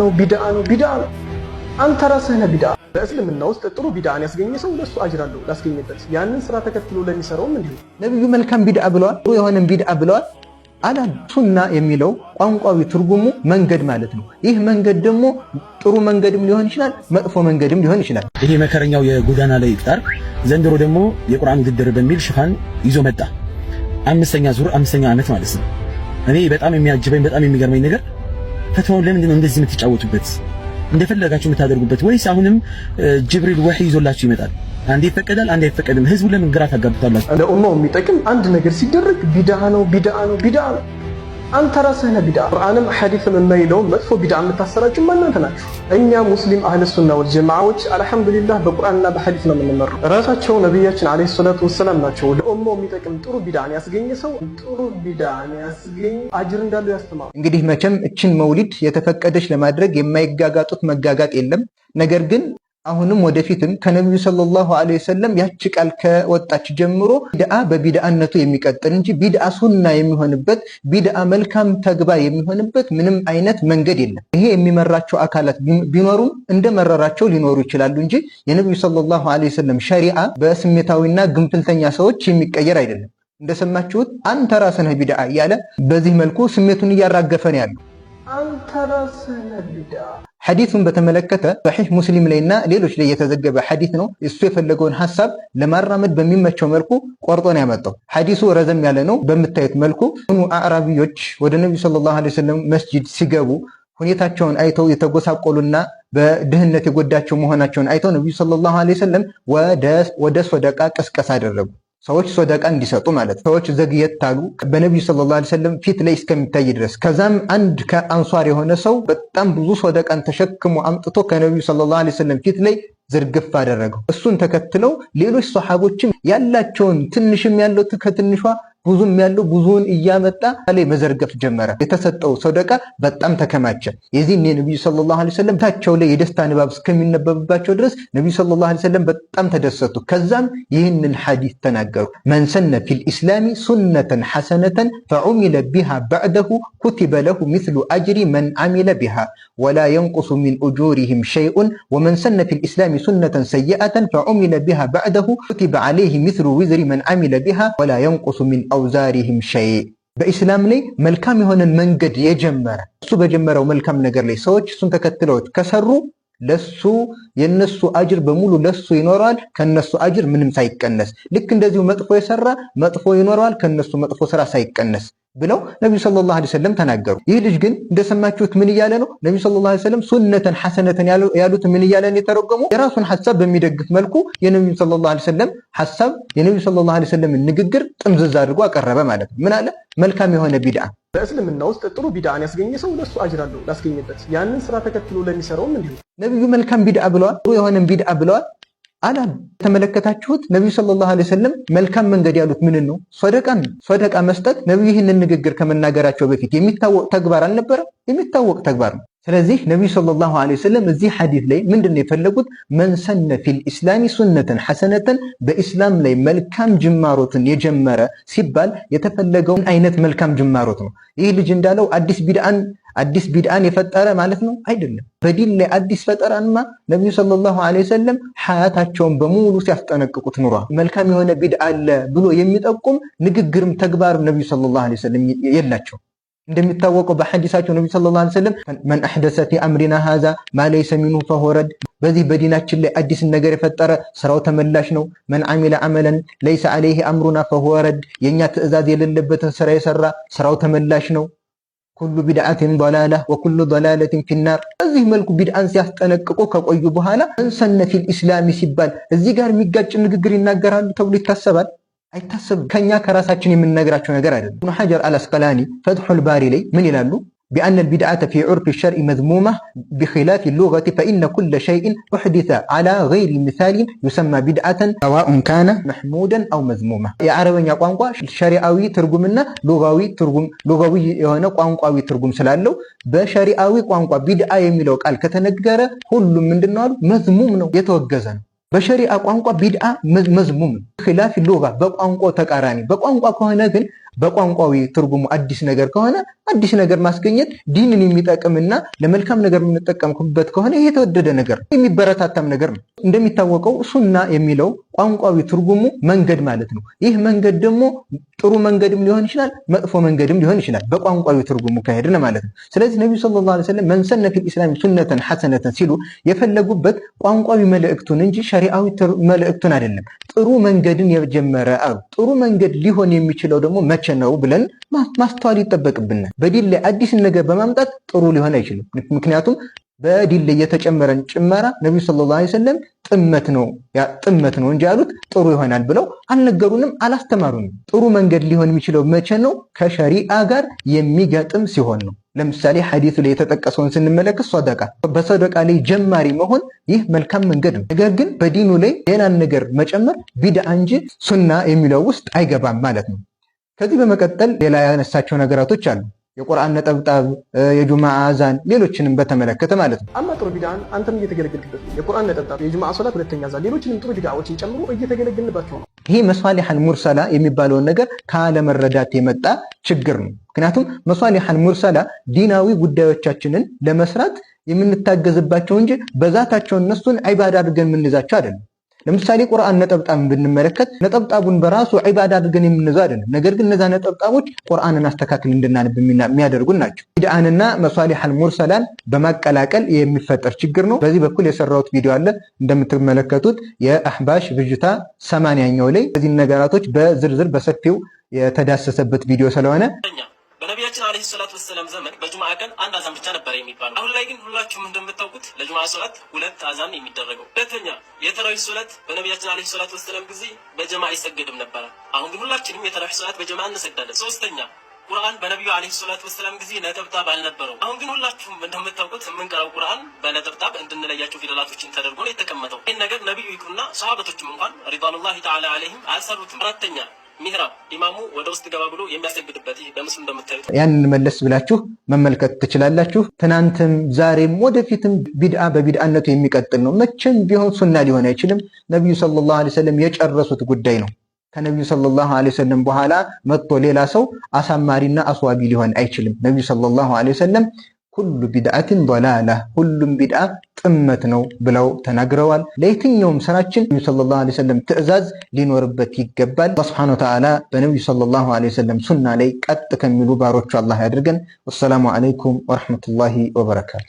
ነው ቢድአ ነው ቢድአ ነው። አንተ ራስህ ነህ ቢድአ። በእስልምና ውስጥ ጥሩ ቢድአን ያስገኘ ሰው ለሱ አጅር አለው ላስገኘበት፣ ያንን ስራ ተከትሎ ለሚሰራውም እንዲሁ። ነቢዩ መልካም ቢድዓ ብለዋል፣ ጥሩ የሆነም ቢድአ ብለዋል። አላ ሱና የሚለው ቋንቋዊ ትርጉሙ መንገድ ማለት ነው። ይህ መንገድ ደግሞ ጥሩ መንገድም ሊሆን ይችላል፣ መጥፎ መንገድም ሊሆን ይችላል። ይሄ መከረኛው የጎዳና ላይ ኢፍጣር ዘንድሮ ደግሞ የቁርአን ውድድር በሚል ሽፋን ይዞ መጣ። አምስተኛ ዙር አምስተኛ ዓመት ማለት ነው። እኔ በጣም የሚያጅበኝ በጣም የሚገርመኝ ነገር ፈትዋውን ለምንድን ነው እንደዚህ የምትጫወቱበት እንደፈለጋችሁ የምታደርጉበት? ወይስ አሁንም ጅብሪል ወህይ ይዞላችሁ ይመጣል? አንዴ ይፈቀዳል፣ አንዴ አይፈቀድም። ህዝቡ ለምን ግራ ታጋብታላችሁ? ለኡማው የሚጠቅም አንድ ነገር ሲደረግ ቢድዓ ነው፣ ቢድዓ ነው፣ ቢድዓ ነው አንተ ራስህ ነህ ቢድዓ። ቁርአንም ሐዲስም የማይለው መጥፎ ቢድዓ የምታሰራጩ እናንተ ናችሁ። እኛ ሙስሊም አህለ ሱና ወል ጀማዓዎች አልሐምዱሊላህ በቁርአንና በሐዲስ ነው የምንመራው። ራሳቸው ነቢያችን አለይሂ ሰላቱ ወሰላም ናቸው ለኡማው የሚጠቅም ጥሩ ቢድዓን ያስገኘ ሰው ጥሩ ቢድዓን ያስገኝ አጅር እንዳለው ያስተማሩ። እንግዲህ መቼም እችን መውሊድ የተፈቀደች ለማድረግ የማይጋጋጡት መጋጋጥ የለም። ነገር ግን አሁንም ወደፊትም ከነቢዩ ሰለላሁ ዐለይሂ ወሰለም ያቺ ቃል ከወጣች ጀምሮ ቢድአ በቢድአነቱ የሚቀጥል እንጂ ቢድአ ሱና የሚሆንበት ቢድአ መልካም ተግባር የሚሆንበት ምንም አይነት መንገድ የለም። ይሄ የሚመራቸው አካላት ቢኖሩም እንደ መረራቸው ሊኖሩ ይችላሉ እንጂ የነቢዩ ሰለላሁ ዐለይሂ ወሰለም ሸሪአ በስሜታዊና ግንፍልተኛ ሰዎች የሚቀየር አይደለም። እንደሰማችሁት አንተ ራስህ ቢድአ እያለ በዚህ መልኩ ስሜቱን እያራገፈ ያሉ አንተ ራስህ ቢድአ ሐዲሱን በተመለከተ ሰሒህ ሙስሊም ላይና ሌሎች ላይ የተዘገበ ሐዲስ ነው። እሱ የፈለገውን ሀሳብ ለማራመድ በሚመቸው መልኩ ቆርጦ ነው ያመጣው። ሐዲሱ ረዘም ያለ ነው። በምታዩት መልኩ አዕራቢዎች ወደ ነቢዩ ሰለላሁ ዐለይሂ ወሰለም መስጂድ ሲገቡ ሁኔታቸውን አይተው የተጎሳቆሉና በድህነት የጎዳቸው መሆናቸውን አይተው ነቢዩ ሰለላሁ ዐለይሂ ወሰለም ወደ ሶደቃ ቅስቀሳ አደረጉ። ሰዎች ሶደቃ እንዲሰጡ ማለት ሰዎች ዘግየት አሉ በነቢዩ ሰለላሁ ዐለይሂ ወሰለም ፊት ላይ እስከሚታይ ድረስ። ከዛም አንድ ከአንሷር የሆነ ሰው በጣም ብዙ ሶደቃን ተሸክሞ አምጥቶ ከነቢዩ ሰለላሁ ዐለይሂ ወሰለም ፊት ላይ ዝርግፍ አደረገው። እሱን ተከትለው ሌሎች ሰሓቦችም ያላቸውን ትንሽም ያለው ከትንሿ ብዙም ያለው ብዙውን እያመጣ ላይ መዘርገፍ ጀመረ። የተሰጠው ሰደቃ በጣም ተከማቸ። የዚህ ነቢዩ ሰለላሁ ዐለይሂ ወሰለም ታቸው ላይ የደስታ ንባብ እስከሚነበብባቸው ድረስ ነቢዩ ሰለላሁ ዐለይሂ ወሰለም በጣም ተደሰቱ። ከዛም ይህንን ሐዲስ ተናገሩ። መንሰነ ፊል ኢስላሚ ሱነተን ሐሰነተን ፈዑሚለ ቢሃ ባዕደሁ ኩቲበ ለሁ ሚስሉ አጅሪ መን አሚለ ቢሃ ወላ የንቁሱ ሚን ኡጁሪሂም ሸይኡን ወመን ፊል ኢስላሚ ሱነተን ሰይአተን ፈዑሚለ ቢሃ ባዕደሁ ኩቲበ ዐለይሂ ሚስሉ ዊዝሪ መን አሚለ ቢሃ ወላ የንቁሱ ሚን አውዛሪህም ሸይ በኢስላም ላይ መልካም የሆነን መንገድ የጀመረ እሱ በጀመረው መልካም ነገር ላይ ሰዎች እሱን ተከትለውት ከሰሩ ለሱ የነሱ አጅር በሙሉ ለሱ ይኖረዋል፣ ከነሱ አጅር ምንም ሳይቀነስ። ልክ እንደዚሁ መጥፎ የሰራ መጥፎ ይኖረዋል፣ ከነሱ መጥፎ ስራ ሳይቀነስ። ብለው ነቢዩ ሰለላሁ ዐለይሂ ወሰለም ተናገሩ። ይህ ልጅ ግን እንደሰማችሁት ምን እያለ ነው? ነቢዩ ሰለላሁ ዐለይሂ ወሰለም ሱነተን ሐሰነተን ያሉት ምን እያለ ነው የተረጎሙ የራሱን ሐሳብ በሚደግፍ መልኩ የነቢዩ ሰለላሁ ዐለይሂ ወሰለም ሐሳብ የነቢዩ ሰለላሁ ዐለይሂ ወሰለም ንግግር ጥምዝዝ አድርጎ አቀረበ ማለት ነው። ምን አለ? መልካም የሆነ ቢድዓ በእስልምና ውስጥ ጥሩ ቢድዓን ያስገኘ ሰው ለሱ አጅር አለው ላስገኘበት፣ ያንን ስራ ተከትሎ ለሚሰራውም እንዲሁ ነቢዩ መልካም ቢድዓ ብለዋል፣ ጥሩ የሆነን ቢድዓ ብለዋል። አላሉ። ተመለከታችሁት? ነቢዩ ሰለላሁ ዐለይሂ ወሰለም መልካም መንገድ ያሉት ምንን ነው? ሰደቃን ነው። ሰደቃ መስጠት ነቢዩ ይህንን ንግግር ከመናገራቸው በፊት የሚታወቅ ተግባር አልነበረም። የሚታወቅ ተግባር ነው። ስለዚህ ነቢዩ ሰለላሁ ዐለይሂ ወሰለም እዚህ ሐዲስ ላይ ምንድን ነው የፈለጉት? መንሰነ ፊል ኢስላሚ ሱነተን ሐሰነተን በኢስላም ላይ መልካም ጅማሮትን የጀመረ ሲባል የተፈለገውን አይነት መልካም ጅማሮት ነው። ይህ ልጅ እንዳለው አዲስ ቢድአን አዲስ ቢድአን የፈጠረ ማለት ነው አይደለም። በዲን ላይ አዲስ ፈጠራንማ ነቢዩ ሰለላሁ ዐለይሂ ወሰለም ሐያታቸውን በሙሉ ሲያስጠነቅቁት ኑሯል። መልካም የሆነ ቢድአ አለ ብሎ የሚጠቁም ንግግርም ተግባርም ነቢዩ ሰለላሁ ዐለይሂ ወሰለም የላቸው። እንደሚታወቀው በሐዲሳቸው ነቢዩ ሰለላሁ ዐለይሂ ወሰለም መን አሕደሰ ፊ አምሪና ሃዛ ማ ለይሰ ሚንሁ ፈሁወ ረድ፣ በዚህ በዲናችን ላይ አዲስን ነገር የፈጠረ ስራው ተመላሽ ነው። መን አሚለ አመለን ለይሰ ዐለይሂ አምሩና ፈሁወ ረድ፣ የእኛ ትእዛዝ የሌለበትን ስራ የሰራ ስራው ተመላሽ ነው። ኩሉ ቢድዓትን ዶላላ ወኩሉ ዶላለትን ፊናር። በዚህ መልኩ ቢድዓን ሲያስጠነቅቁ ከቆዩ በኋላ እንሰነ ፊል ኢስላሚ ሲባል እዚህ ጋር የሚጋጭ ንግግር ይናገራሉ ተብሎ ይታሰባል? አይታሰብም። ከኛ ከራሳችን የምንነግራቸው ነገር አይደለም። ኢብኑ ሐጀር አልአስቀላኒ ፈትሑል ባሪ ላይ ምን ይላሉ? بأن البدعة في عرف الشرع مذمومة بخلاف اللغة فإن كل شيء أحدث على غير مثال يسمى بدعة سواء كان محمودا أو مذموما يا عربي يا قوانقوا الشرعاوي ترجمنا لغوي ترجم لغوي يهنا قوانقوا ترجم سلالو بشرعاوي قوانقوا بدعة يملوك الكتنقر كل من دنوال مذموم يتوقزن بشرع قوانقوا بدعة مذموم خلاف اللغة بقوانقوا تقاراني بقوانقوا كهنا በቋንቋዊ ትርጉሙ አዲስ ነገር ከሆነ አዲስ ነገር ማስገኘት ዲንን የሚጠቅምና ለመልካም ነገር የምንጠቀምበት ከሆነ ይሄ የተወደደ ነገር ነው፣ የሚበረታታም ነገር ነው። እንደሚታወቀው ሱና የሚለው ቋንቋዊ ትርጉሙ መንገድ ማለት ነው። ይህ መንገድ ደግሞ ጥሩ መንገድም ሊሆን ይችላል፣ መጥፎ መንገድም ሊሆን ይችላል። በቋንቋዊ ትርጉሙ ከሄድን ማለት ነው። ስለዚህ ነቢዩ ሰለላሁ ዐለይሂ ወሰለም መንሰነ ፊል ኢስላሚ ሱነተን ሐሰነተን ሲሉ የፈለጉበት ቋንቋዊ መልእክቱን እንጂ ሸሪዓዊ መልእክቱን አይደለም። ጥሩ መንገድን የጀመረ ጥሩ መንገድ ሊሆን የሚችለው ደግሞ መቼ እየተበላሸ ነው ብለን ማስተዋል ይጠበቅብናል። በዲል ላይ አዲስ ነገር በማምጣት ጥሩ ሊሆን አይችልም። ምክንያቱም በዲል ላይ የተጨመረን ጭመራ ነቢዩ ሰለላሁ ዐለይሂ ወሰለም ጥመት ነው ጥመት ነው እንጂ ያሉት ጥሩ ይሆናል ብለው አልነገሩንም፣ አላስተማሩንም። ጥሩ መንገድ ሊሆን የሚችለው መቼ ነው? ከሸሪአ ጋር የሚገጥም ሲሆን ነው። ለምሳሌ ሐዲሱ ላይ የተጠቀሰውን ስንመለከት ሰደቃ በሰደቃ ላይ ጀማሪ መሆን ይህ መልካም መንገድ ነው። ነገር ግን በዲኑ ላይ ሌላን ነገር መጨመር ቢድዓ እንጂ ሱና የሚለው ውስጥ አይገባም ማለት ነው። ከዚህ በመቀጠል ሌላ ያነሳቸው ነገራቶች አሉ። የቁርአን ነጠብጣብ፣ የጁማ አዛን፣ ሌሎችንም በተመለከተ ማለት ነው። አማ ጥሩ ቢድዓን አንተም እየተገለገልበት የቁርአን ነጠብጣብ፣ የጁማ ሶላት፣ ሁለተኛ አዛን፣ ሌሎችንም ጥሩ ቢድዓዎችን ጨምሮ እየተገለገልንባቸው ነው። ይሄ መሷሊሐን ሙርሰላ የሚባለውን ነገር ካለመረዳት የመጣ ችግር ነው። ምክንያቱም መሷሊሐን ሙርሰላ ዲናዊ ጉዳዮቻችንን ለመስራት የምንታገዝባቸው እንጂ በዛታቸው እነሱን ዒባዳ አድርገን የምንይዛቸው አይደለም። ለምሳሌ ቁርአን ነጠብጣብን ብንመለከት ነጠብጣቡን በራሱ ዒባዳ አድርገን የምንዘው አይደለም። ነገር ግን እነዛ ነጠብጣቦች ቁርአንን አስተካክል እንድናነብ የሚያደርጉን ናቸው። ቢድአንና መሷሊሕ አልሙርሰላን በማቀላቀል የሚፈጠር ችግር ነው። በዚህ በኩል የሰራሁት ቪዲዮ አለ እንደምትመለከቱት የአህባሽ ብዥታ ሰማንያኛው ላይ እነዚህ ነገራቶች በዝርዝር በሰፊው የተዳሰሰበት ቪዲዮ ስለሆነ በነቢያችን ዓለይሂ ሰላቱ ወሰላም ዘመን በጁምዓ ቀን አንድ የሚባል የሚባለው። አሁን ላይ ግን ሁላችሁም እንደምታውቁት ለጁማ ሶላት ሁለት አዛን የሚደረገው። ሁለተኛ የተራዊ ሶላት በነቢያችን አለ ሰላት ወሰለም ጊዜ በጀማ አይሰገድም ነበረ። አሁን ግን ሁላችንም የተራዊ ሶላት በጀማ እንሰግዳለን። ሶስተኛ ቁርአን በነቢዩ አለ ሰላቱ ወሰለም ጊዜ ነጠብጣብ አልነበረው። አሁን ግን ሁላችሁም እንደምታውቁት የምንቀራው ቁርአን በነጠብጣብ እንድንለያቸው ፊደላቶችን ተደርጎ ነው የተቀመጠው። ይህን ነገር ነቢዩ ይቅሩና ሰሃበቶችም እንኳን ሪዷኑላሂ ተዓላ አለይህም አልሰሩትም። አራተኛ ሚህራብ ኢማሙ ወደ ውስጥ ገባ ብሎ ይህ በምስሉ እንደምታዩት ያንን መለስ ብላችሁ መመልከት ትችላላችሁ። ትናንትም ዛሬም ወደፊትም ቢድአ በቢድአነቱ የሚቀጥል ነው። መቼም ቢሆን ሱና ሊሆን አይችልም። ነቢዩ ሰለላሁ ዐለይሂ ወሰለም የጨረሱት ጉዳይ ነው። ከነቢዩ ሰለላሁ ዐለይሂ ወሰለም በኋላ መጥቶ ሌላ ሰው አሳማሪና አስዋቢ ሊሆን አይችልም። ነቢዩ ሰለላሁ ዐለይሂ ወሰለም ኩሉ ቢድአትን ላላ ሁሉም ቢድአ ጥመት ነው ብለው ተናግረዋል። ለየትኛውም ስራችን ነቢዩ ሰለላሁ ዓለይሂ ወሰለም ትዕዛዝ ሊኖርበት ይገባል። አላህ ሱብሓነሁ ወተዓላ በነቢዩ ሰለላሁ ዓለይሂ ወሰለም ሱና ላይ ቀጥ ከሚሉ ባሮቹ አላህ ያድርገን። ወሰላሙ ዓለይኩም ወረሕመቱላሂ ወበረካቱ።